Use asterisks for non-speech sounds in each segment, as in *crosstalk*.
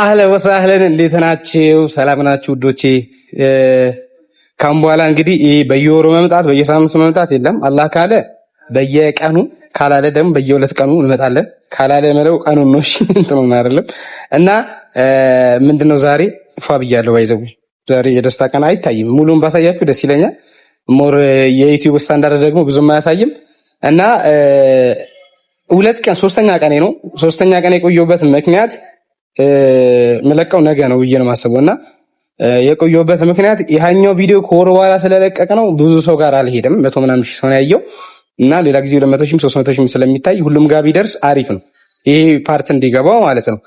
አህለ ወሳህለን እንዴት ናችሁ? ሰላም ናችሁ ውዶቼ? ካሁን በኋላ እንግዲህ በየወሩ መምጣት በየሳምንቱ መምጣት የለም። አላህ ካለ በየቀኑ ካላለ ደግሞ በየሁለት ቀኑ እንመጣለን። ካላለ መለው ቀኑ ነው። እሺ አይደለም እና ምንድነው ዛሬ ፏ ብያለሁ። ባይዘው ዛሬ የደስታ ቀን አይታይም። ሙሉን ባሳያችሁ ደስ ይለኛል። ሞር የዩቲዩብ ስታንዳርድ ደግሞ ብዙም አያሳይም እና ሁለት ቀን ሶስተኛ ቀኔ ነው። ሶስተኛ ቀን የቆየሁበት ምክንያት የምለቀው ነገ ነው ብዬ ነው የማስበው እና የቆየሁበት ምክንያት ይሃኛው ቪዲዮ ከወር በኋላ ስለለቀቀ ነው። ብዙ ሰው ጋር አልሄደም። መቶ ምናምን ሺህ ሰው ነው ያየው እና ሌላ ጊዜ ሁለት መቶ ሺህም ሶስት መቶ ሺህም ስለሚታይ ሁሉም ጋር ቢደርስ አሪፍ ነው። ይሄ ፓርት እንዲገባው ማለት ነው።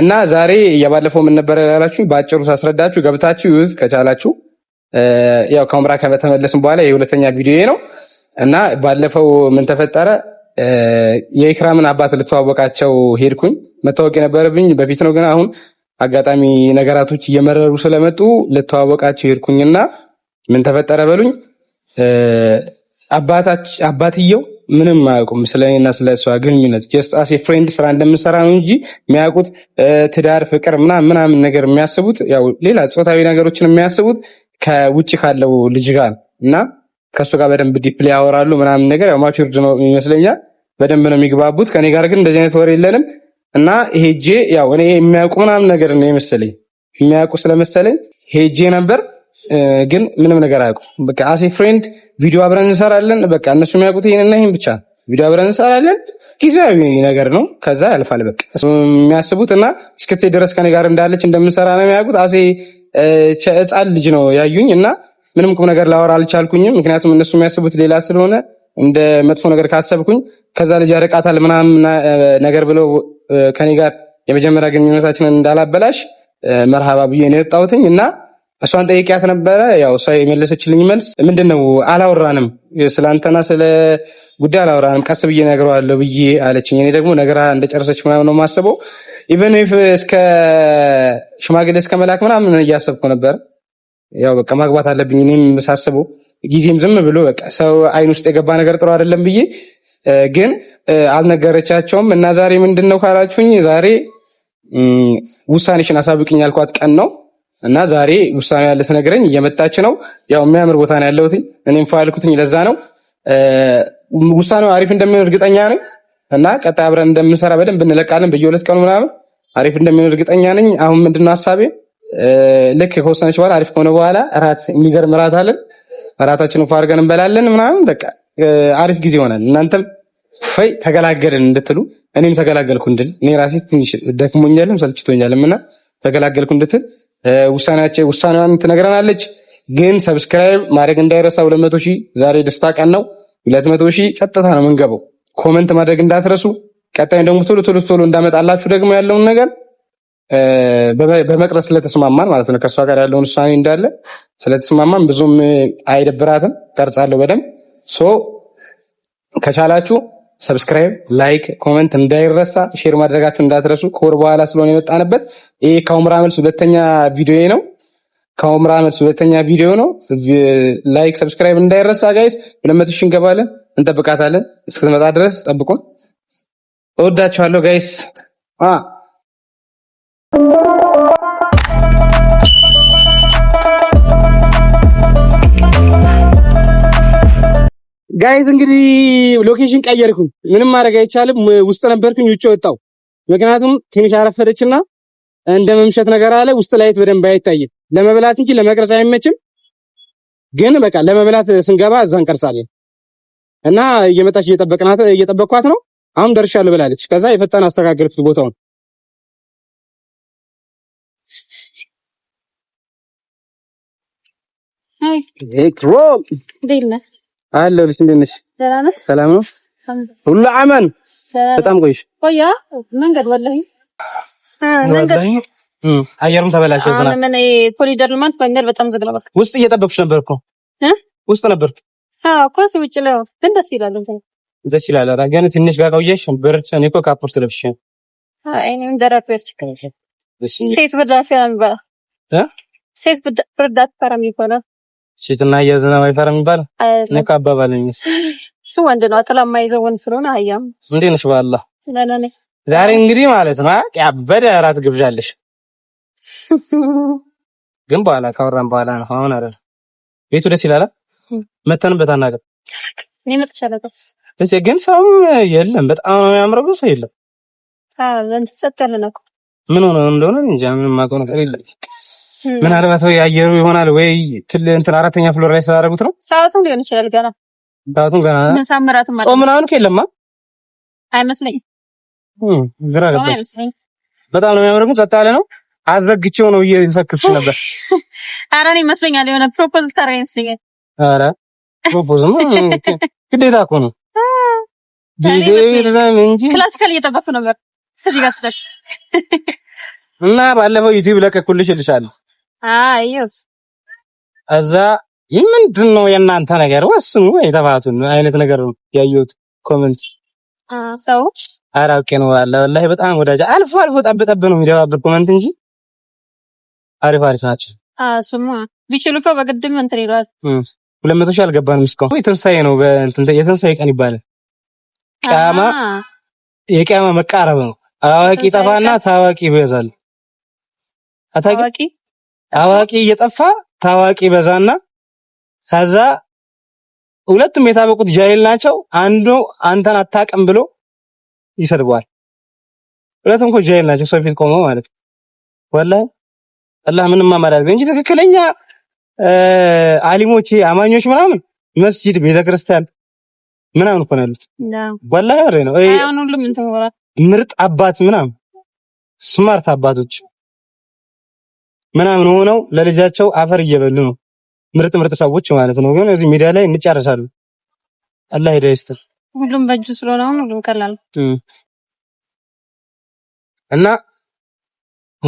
እና ዛሬ እያባለፈው ምን ነበረ ያላችሁ በአጭሩ ሳስረዳችሁ ገብታችሁ ይዩት ከቻላችሁ። ያው ከዑምራ ከተመለስን በኋላ የሁለተኛ ቪዲዮ ነው እና ባለፈው ምን ተፈጠረ የኢክራምን አባት ልተዋወቃቸው ሄድኩኝ። መታወቅ የነበረብኝ በፊት ነው፣ ግን አሁን አጋጣሚ ነገራቶች እየመረሩ ስለመጡ ልተዋወቃቸው ሄድኩኝና ምን ተፈጠረ በሉኝ። አባትየው ምንም አያውቁም ስለ እኔና ስለ እሷ ግንኙነት፣ ጀስት አሴ ፍሬንድ ስራ እንደምሰራ ነው እንጂ የሚያውቁት ትዳር፣ ፍቅር ምናምን ምናምን ነገር የሚያስቡት ያው ሌላ ፆታዊ ነገሮችን የሚያስቡት ከውጭ ካለው ልጅ ጋር እና ከእሱ ጋር በደንብ ዲፕ ያወራሉ ምናምን ነገር ያው ማቹርድ ነው ይመስለኛል። በደንብ ነው የሚግባቡት። ከኔ ጋር ግን እንደዚህ አይነት ወሬ የለንም እና ሄጄ ያው እኔ የሚያውቁ ምናምን ነገር ነው የመሰለኝ የሚያውቁ ስለመሰለኝ ሄጄ ነበር። ግን ምንም ነገር አያውቁ። በቃ አሴ ፍሬንድ ቪዲዮ አብረን እንሰራለን። በቃ እነሱ የሚያውቁት ይህንና ይህን ብቻ ነው። ቪዲዮ አብረን እንሰራለን። ጊዜያዊ ነገር ነው፣ ከዛ ያልፋል። በቃ የሚያስቡት እና እስክትሄድ ድረስ ከኔ ጋር እንዳለች እንደምንሰራ ነው የሚያውቁት። አሴ ህፃን ልጅ ነው ያዩኝ እና ምንም ቁም ነገር ላወራ አልቻልኩኝም። ምክንያቱም እነሱ የሚያስቡት ሌላ ስለሆነ እንደ መጥፎ ነገር ካሰብኩኝ ከዛ ልጅ ያርቃታል ምናምን ነገር ብለው ከኔ ጋር የመጀመሪያ ግንኙነታችንን እንዳላበላሽ መርሃባ ብዬ ነው የወጣሁትኝ እና እሷን ጠይቂያት ነበረ። ያው እሷ የመለሰችልኝ መልስ ምንድን ነው አላወራንም፣ ስለአንተና ስለ ጉዳይ አላወራንም፣ ቀስ ብዬ እነግረዋለሁ ብዬ አለችኝ። እኔ ደግሞ ነገራ እንደጨረሰች ምናምን ነው የማስበው። ኢቨን እስከ ሽማግሌ እስከ መላክ ምናምን እያሰብኩ ነበር። ያው በቃ ማግባት አለብኝ እኔም የምሳስበው ጊዜም ዝም ብሎ በቃ ሰው አይን ውስጥ የገባ ነገር ጥሩ አይደለም ብዬ ግን አልነገረቻቸውም። እና ዛሬ ምንድን ነው ካላችሁኝ ዛሬ ውሳኔሽን አሳብቅኝ ያልኳት ቀን ነው። እና ዛሬ ውሳኔ ያለ ስነግረኝ እየመጣች ነው። ያው የሚያምር ቦታ ነው ያለሁት እኔም ፏ ያልኩትኝ ለዛ ነው። ውሳኔው አሪፍ እንደሚሆን እርግጠኛ ነኝ። እና ቀጣይ አብረን እንደምንሰራ በደንብ እንለቃለን። በየሁለት ቀኑ ምናምን አሪፍ እንደሚሆን እርግጠኛ ነኝ። አሁን ምንድን ነው ሀሳቤ ልክ ከወሰነች በኋላ አሪፍ ከሆነ በኋላ እራት የሚገርም እራት አለን። እራታችንን ፏ አድርገን እንበላለን ምናምን በቃ አሪፍ ጊዜ ይሆናል። እናንተም ፈይ ተገላገልን እንድትሉ እኔም ተገላገልኩ እንድል እኔ ራሴ ትንሽ ደክሞኛልም ሰልችቶኛልም እና ተገላገልኩ እንድትል ውሳኔያቸው ውሳኔዋን ትነግረናለች። ግን ሰብስክራይብ ማድረግ እንዳይረሳ። ሁለት መቶ ሺህ ዛሬ ደስታ ቀን ነው። ሁለት መቶ ሺህ ቀጥታ ነው የምንገባው። ኮመንት ማድረግ እንዳትረሱ። ቀጣይ ደግሞ ቶሎ ቶሎ ቶሎ እንዳመጣላችሁ ደግሞ ያለውን ነገር በመቅረጽ ስለተስማማን ማለት ነው ከእሷ ጋር ያለውን ውሳኔ እንዳለ ስለተስማማን ብዙም አይደብራትም። ቀርጻለሁ በደንብ ሶ ከቻላችሁ ሰብስክራይብ፣ ላይክ፣ ኮመንት እንዳይረሳ፣ ሼር ማድረጋችሁ እንዳትረሱ። ከወር በኋላ ስለሆነ የመጣንበት ይህ ከኡምራ መልስ ሁለተኛ ቪዲዮ ነው። ከኡምራ መልስ ሁለተኛ ቪዲዮ ነው። ላይክ፣ ሰብስክራይብ እንዳይረሳ ጋይስ። ሁለት መቶ ሺህ እንገባለን። እንጠብቃታለን። እስክትመጣ ድረስ ጠብቁን። እወዳችኋለሁ ጋይስ። ጋይዝ እንግዲህ ሎኬሽን ቀየርኩኝ። ምንም ማድረግ አይቻልም። ውስጥ ነበርኩኝ፣ ውጭ ወጣው። ምክንያቱም ትንሽ አረፈደችና እንደ መምሸት ነገር አለ። ውስጥ ላይት በደንብ አይታይም ለመብላት እንጂ ለመቅረጽ አይመችም። ግን በቃ ለመብላት ስንገባ እዛ እንቀርጻለን እና እየመጣች እየጠበቅናት እየጠበቅኳት ነው። አሁን ደርሻለሁ ብላለች። ከዛ የፈጣን አስተካከልኩት ቦታውን ሮም አለሁ ልጅ እንዴት ነሽ? ሰላም ነው ሁሉ አመን በጣም ቆይሽ ቆያ መንገድ ወላሂ መንገድ አየሩም ተበላሸ። ዝናብ ምን ኮሪደር ልማት መንገድ በጣም ዝግ ነው። በቃ ውስጥ እየጠበቅሽ ነበር እኮ ውስጥ ነበር እኮ ውጭ ላይ ግን ደስ ይላል። ደስ ይላል ግን ትንሽ ጋር ቆየሽ ብርድ እኔ እኮ ካፖርት ለብሼ ነው። እኔም ደራርቤር ችግር የለም ሴት ብርድ አትፈራም ይባላል። ሴት ብርድ አትፈራም ይባላል ሴትና አህያ ዝናብ አይፈራም ይባላል። እኔ አባባል ነው እሱ ወንድ ነው። አጥላማ የማይዘው ወንድ ስለሆነ አያም እንዴት ነሽ? በአላህ ዛሬ እንግዲህ ማለት ነው ያበደ እራት ግብዣለሽ፣ *laughs* ግን በኋላ ካወራን በኋላ ነው። አሁን አይደል ቤቱ ደስ ይላል። መተን በታናገር እኔ መጥቻለሁ። ደስ ግን ሰው የለም። በጣም የሚያምረው ሰው የለም። ምን ሆነ እንደሆነ እንጃ። ምን የማውቀው ነገር የለም። ምናልባት ወይ አየሩ ይሆናል ወይ ትል እንትን አራተኛ ፍሎር ላይ ስላደረጉት ነው። ሰዓቱም ሊሆን ይችላል። ገና ሰዓቱም ገና መሳምራትም ማለት ጾም ምናምን የለማ አይመስለኝም። ግራ ገባ። በጣም ነው የሚያምረው። ጸጥ ያለ ነው። አዘግቼው ነው እየሰክስሽ ነበር። ኧረ *laughs* እኔ ይመስለኛል የሆነ ፕሮፖዝ ታደርጊ ይመስለኛል። ኧረ ፕሮፖዝማ ግዴታ እኮ ነው። *laughs* ክላሲካል እየጠበኩ ነበር። እዚህ ጋር ስደርስ እና ባለፈው ዩቲዩብ ለቀኩልሽ እልሻለሁ አይዮስ እዛ ይህ ምንድን ነው የእናንተ ነገር? ወስኑ የተባቱን አይነት ነገር ነው ያየሁት። ኮመንት ሰዎች አራውቄ ነው አለ ወላሂ በጣም ወዳጅ አልፎ አልፎ ጠብ ጠብ ነው የሚደባብር ኮመንት እንጂ አሪፍ አሪፍ ናቸው። ስማ ቢችሉ እኮ በግድም እንትን ይሏል። ሁለት መቶ ሺህ አልገባንም እስካሁን። የትንሳኤ ነው የትንሳኤ ቀን ይባላል። ቂያማ የቂያማ መቃረብ ነው። አዋቂ ጠፋና ታዋቂ ይበዛል። አታውቂ ታዋቂ እየጠፋ ታዋቂ በዛና ከዛ ሁለቱም የታበቁት ጃሂል ናቸው። አንዱ አንተን አታውቅም ብሎ ይሰድበዋል። ሁለቱም እኮ ጃሂል ናቸው፣ ሰው ፊት ቆመው ማለት ነው። ወላሂ አላህ ምንም ማማዳል እንጂ ትክክለኛ አሊሞች አማኞች ምናምን መስጂድ፣ ቤተክርስቲያን ምናምን እኮ ነው ያሉት። ወላሂ ነው። ምርጥ አባት ምናምን ስማርት አባቶች ምናምን ሆነው ለልጃቸው አፈር እየበሉ ነው። ምርጥ ምርጥ ሰዎች ማለት ነው። ግን እዚህ ሚዲያ ላይ እንጨርሳለን። አላህ ሂዳያ ይስጥ። ሁሉም በእጁ ስለሆነ ሁሉም ቀላል እና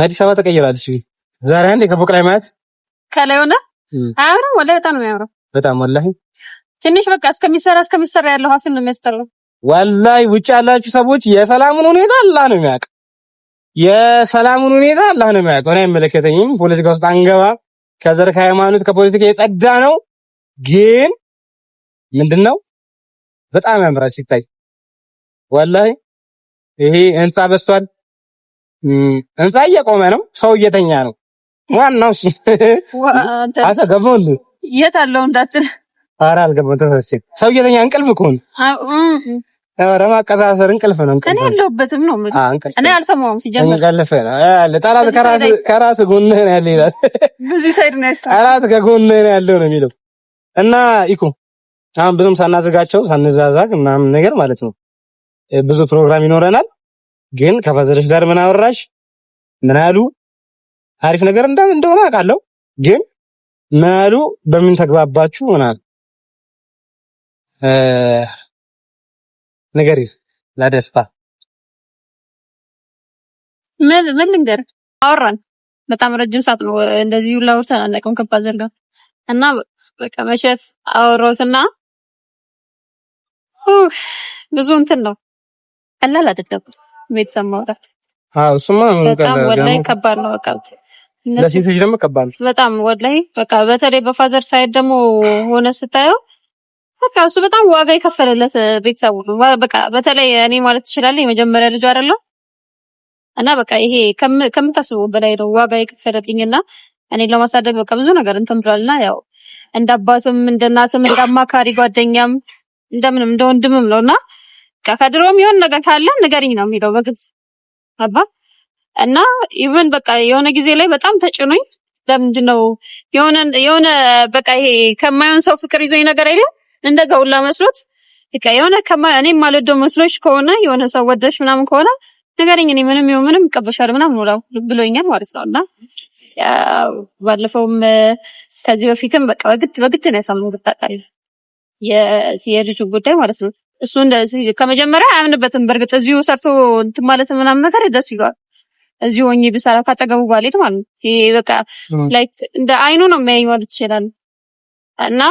አዲስ አበባ ተቀይራለች። ዛሬ አንዴ ከፎቅ ላይ ማለት ከላይ ሆነ አያምርም? ወላሂ በጣም ነው የሚያምረው። በጣም ወላሂ ትንሽ በቃ እስከሚሰራ እስከሚሰራ ያለው ሀስል ነው የሚያስጠላው። ወላሂ ውጭ ያላችሁ ሰዎች የሰላሙን ሁኔታ አላህ ነው የሚያውቅ የሰላሙን ሁኔታ አላህ ነው የሚያውቀው። እኔ አይመለከተኝም። ፖለቲካ ውስጥ አንገባም። ከዘር ከሃይማኖት፣ ከፖለቲካ የጸዳ ነው። ግን ምንድን ነው በጣም ያምራል ሲታይ። ወላሂ ይሄ ህንፃ በስቷል። ህንፃ እየቆመ ነው፣ ሰው እየተኛ ነው። ዋናው እሺ፣ አንተ ገባው እንዴ? የት አለው እንዳትል። ኧረ አልገባሁም። ተፈስቼ ሰው እየተኛ እንቅልፍ እኮ ነው ኧረ ማቀሳሰር እንቅልፍ ነው። እንቅልፍ። እኔ የለሁበትም ነው እኔ አልሰማሁም። ሲጀምር እንቅልፍ ነው ያለ ጠላት ከራስ ጎንህ ነው ያለ ይላል። ብዙ ሳይድ ነው ያለው ጠላት ከጎንህ ነው ያለው ነው የሚለው እና ኢኩ አሁን ብዙም ሳናዘጋቸው ሳንዛዛግ ምናምን ነገር ማለት ነው ብዙ ፕሮግራም ይኖረናል። ግን ከፋዘርሽ ጋር ምን አወራሽ? ምን አሉ? አሪፍ ነገር እንደሆነ አውቃለሁ። ግን ምን አሉ? በምን ተግባባችሁ? ምን አሉ? ንገሪ ለደስታ ምን ልንገር? አወራን በጣም ረጅም ሰዓት ነው እንደዚህ ሁላ አውርተን አናውቅም። ከባድ ዘርጋ እና በቃ መሸት አወራሁትና ብዙ እንትን ነው ቀላል አይደለም ቤተሰብ ማውራት። አዎ ስማ በጣም ወላሂ ከባድ ነው። በቃ ለሴት ልጅ ደግሞ ከባድ ነው በጣም ወላሂ። በቃ በተለይ በፋዘር ሳይድ ደግሞ ሆነ ስታየው በቃ እሱ በጣም ዋጋ የከፈለለት ቤተሰቡ ነው። በቃ በተለይ እኔ ማለት ትችላለህ የመጀመሪያ ልጁ አይደለም እና በቃ ይሄ ከምታስበው በላይ ነው ዋጋ የከፈለልኝና እኔ ለማሳደግ በቃ ብዙ ነገር እንትን ብሏልና ያው እንደ አባትም እንደ እናትም እንደ አማካሪ ጓደኛም እንደምንም እንደ ወንድምም ነውና ከድሮም የሆነ ነገር ካለ ንገሪኝ ነው የሚለው በግልጽ አባ እና ኢቨን በቃ የሆነ ጊዜ ላይ በጣም ተጭኖኝ ለምንድን ነው የሆነ የሆነ በቃ ይሄ ከማይሆን ሰው ፍቅር ይዞኝ ነገር አይደለም እንደዛ ሁላ መስሎት በቃ የሆነ ከማ እኔ ማለዶ መስሎሽ ከሆነ የሆነ ሰው ወደሽ ምናምን ከሆነ ነገርኝ እኔ ምንም ይሁን ምንም ቀበሻል ምናምን ኖራው ብሎኛል ማለት ነው። እና ባለፈውም ከዚህ በፊትም በቃ በግድ በግድ ነው ያሳመንኩት ታውቃለህ፣ የልጁ ጉዳይ ማለት ነው። እሱ እንደዚህ ከመጀመሪያ አያምንበትም። በእርግጥ እዚሁ ሰርቶ እንትን ማለት ምናምን ነገር ደስ ይለዋል። እዚሁ ሆኜ ብሰራ ካጠገቡ ባሌት ማለት ነው። ይሄ በቃ ላይክ እንደ አይኑ ነው የሚያኝ ማለት ይችላል እና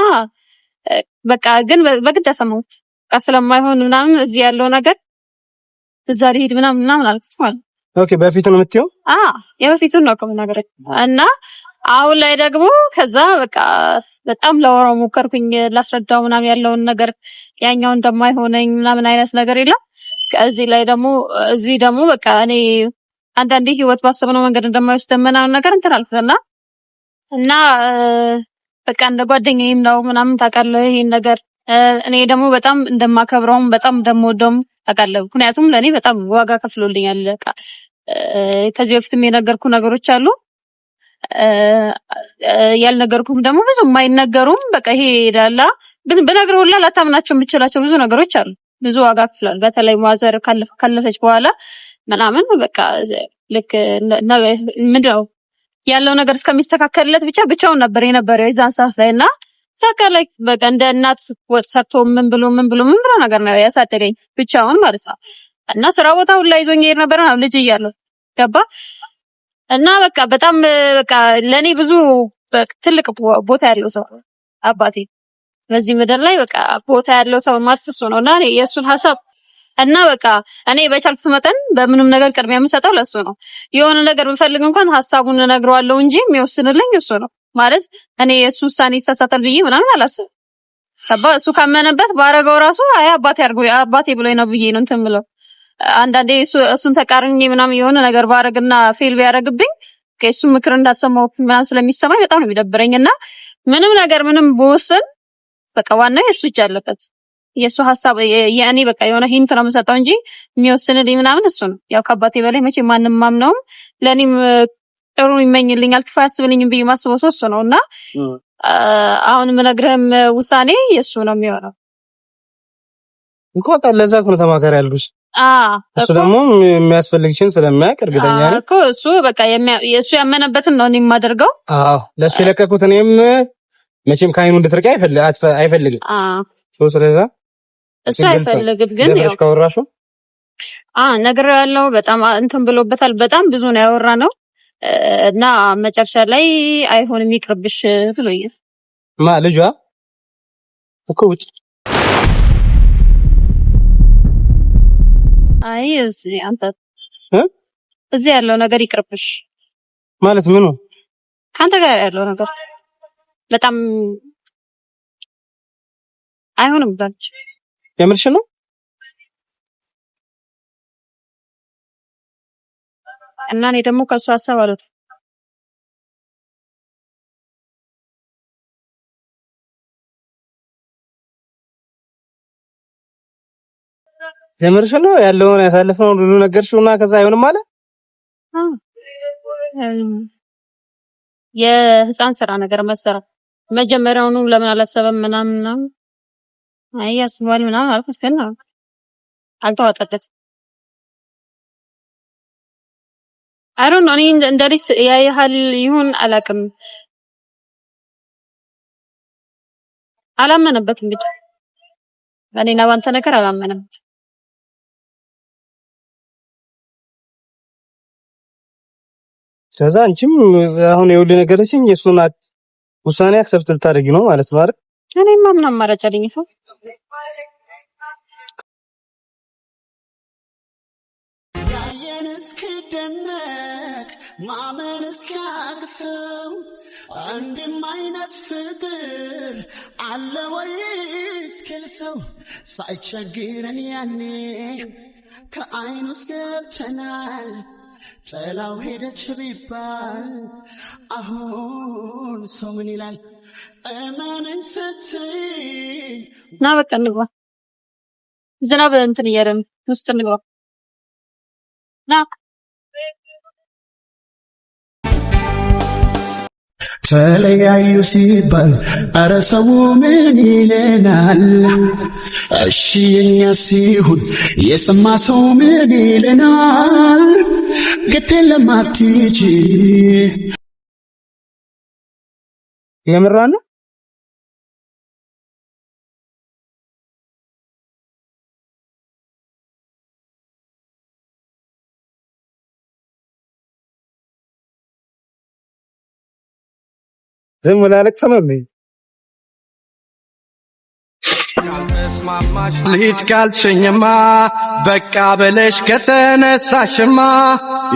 በቃ ግን በግድ አሰማሁት። በቃ ስለማይሆን ምናምን እዚህ ያለው ነገር እዛ ልሄድ ምናምን ምናምን አልኩት ማለት ኦኬ በፊቱ ነው የምትይው? አዎ የበፊቱን ነው ነገር እና አሁን ላይ ደግሞ ከዛ በቃ በጣም ለወራው ሞከርኩኝ ላስረዳው ምናምን ያለውን ነገር ያኛው እንደማይሆነኝ ምናምን አይነት ነገር የለም። ከዚህ ላይ ደግሞ እዚህ ደግሞ በቃ እኔ አንዳንዴ ህይወት ባሰብነው መንገድ እንደማይወስደን ምናምን ነገር እንትን አልኩትና እና በቃ እንደ ጓደኛዬም ነው ምናምን ታውቃለህ ይህን ነገር እኔ ደግሞ በጣም እንደማከብረውም በጣም እንደምወደውም ታውቃለህ። ምክንያቱም ለእኔ በጣም ዋጋ ከፍሎልኛል። በቃ ከዚህ በፊትም የነገርኩ ነገሮች አሉ ያልነገርኩም ደግሞ ብዙ የማይነገሩም በቃ ይሄ ሄዳላ ብነግርህ ሁላ ላታምናቸው የምችላቸው ብዙ ነገሮች አሉ። ብዙ ዋጋ ክፍላል። በተለይ ማዘር ካለፈች በኋላ ምናምን በቃ ልክ ምንድነው ያለው ነገር እስከሚስተካከልለት ብቻ ብቻውን ነበር የነበረው የዛን ሰዓት ላይ እና ላይ በቃ እንደ እናት ወጥ ሰርቶ ምን ብሎ ምን ብሎ ምን ብሎ ነገር ነው ያሳደገኝ ብቻውን ማለት ነው። እና ስራ ቦታ ሁላ ይዞኝ ይሄድ ነበር ነው ልጅ እያለሁ ገባ እና በቃ በጣም በቃ ለእኔ ብዙ ትልቅ ቦታ ያለው ሰው አባቴ በዚህ ምድር ላይ በቃ ቦታ ያለው ሰው ማለት እሱ ነው እና የእሱን ሀሳብ እና በቃ እኔ በቻልኩት መጠን በምንም ነገር ቅድሚያ የምሰጠው ለሱ ነው። የሆነ ነገር ብፈልግ እንኳን ሀሳቡን እነግረዋለሁ እንጂ የሚወስንልኝ እሱ ነው። ማለት እኔ የእሱ ውሳኔ ይሳሳታል ብዬ ምናምን አላስብም። አባ እሱ ካመነበት ባረገው ራሱ አይ አባቴ አድርጎ አባቴ ብሎ ነው ብዬ ነው እንትን ብለው አንዳንዴ እሱን ተቃርኜ ምናምን የሆነ ነገር ባረግና ፌል ቢያረግብኝ ከሱ ምክር እንዳልሰማው ምናምን ስለሚሰማኝ በጣም ነው የሚደብረኝ እና ምንም ነገር ምንም ብወስን በቃ ዋናው የሱ እጅ አለበት። የእሱ ሀሳብ የእኔ በቃ የሆነ ሂንት ነው የምሰጠው እንጂ የሚወስንልኝ ምናምን እሱ ነው። ያው ከአባቴ በላይ መቼ ማንም ማምነውም ለእኔም ጥሩ ይመኝልኛል ክፉ ያስብልኝም ብዬ ማስበው ሰው እሱ ነው እና አሁን የምነግርህም ውሳኔ የእሱ ነው የሚሆነው። እኮ ለዛ እኮ ነው ተማከር ያልኩሽ። እሱ ደግሞ የሚያስፈልግሽን ስለሚያውቅ እርግጠኛ ነኝ እኮ እሱ በቃ የእሱ ያመነበትን ነው እኔ የማደርገው። አዎ ለእሱ የለቀኩት እኔም መቼም ከአይኑ እንድትርቅ አይፈልግም። ስለዛ እሱ አይፈልግም ግን ያው ከወራሹ አ ነገር ያለው በጣም እንትን ብሎበታል። በጣም ብዙ ነው ያወራ ነው እና መጨረሻ ላይ አይሆንም ይቅርብሽ ብሎኛል። ማ ልጇ እኮ ውጭ አይ እዚህ አንተ እዚህ ያለው ነገር ይቅርብሽ ማለት ምኑ ከአንተ ጋር ያለው ነገር በጣም አይሆንም ብላለች። የምርሽ ነው? እና እኔ ደግሞ ከሱ ሀሳብ አሉት የምርሽ ነው ያለውን ያሳለፍነውን ሁሉ ነገርሽው እና ከዛ አይሆንም አለ። የህፃን ስራ ነገር መሰራት መጀመሪያውኑ ለምን አላሰበም ምናምን ምናምን አይ አስቧል ምናምን አልኩት ግን አልተዋጠለትም። አሮን እኔ እንደ ልጅ ያያህል ይሁን አላውቅም፣ አላመነበት። እንግዲህ በእኔና ባንተ ነገር አላመነበት። ከዛ አንቺም አሁን የውል ነገረችኝ የእሱን ውሳኔ አክሰብት ልታደርጊ ነው ማለት ነው አይደል? እኔማ ምን አማራጭ አለኝ ሰው ማመን እስኪደነቅ ማመን እስኪያቅሰው አንድም አይነት ፍቅር አለ ወይ እስክልሰው ሳይቸግረን ያኔ ከአይኑ ውስጥ ገብተናል። ጥላው ሄደች ቢባል አሁን ሰው ምን ይላል? ስትይ ና በቃ እንግባ። ዝናብ እንትን እያደም ውስጥ እንግባ ተለያዩ ሲባል አረ ሰው ምን ይለናል? እሺ የኛ ሲሆን የሰማ ሰው ምን ይለናል? ግድ ለማትች የምራ ነው ዝም ላለቅ ሰበብ ነኝ። ልሂድ ካልሽኝማ በቃ ብለሽ ከተነሳሽማ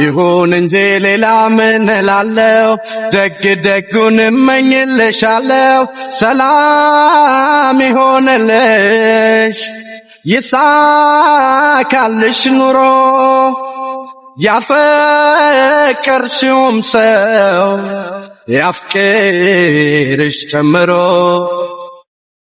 ይሁን እንጂ ሌላ ምን እላለሁ? ደግ ደጉን እመኝልሻለሁ። ሰላም ይሆንልሽ፣ ይሳካልሽ ኑሮ ያፈቀርሽውም ሰው ያፍቅርሽ ጨምሮ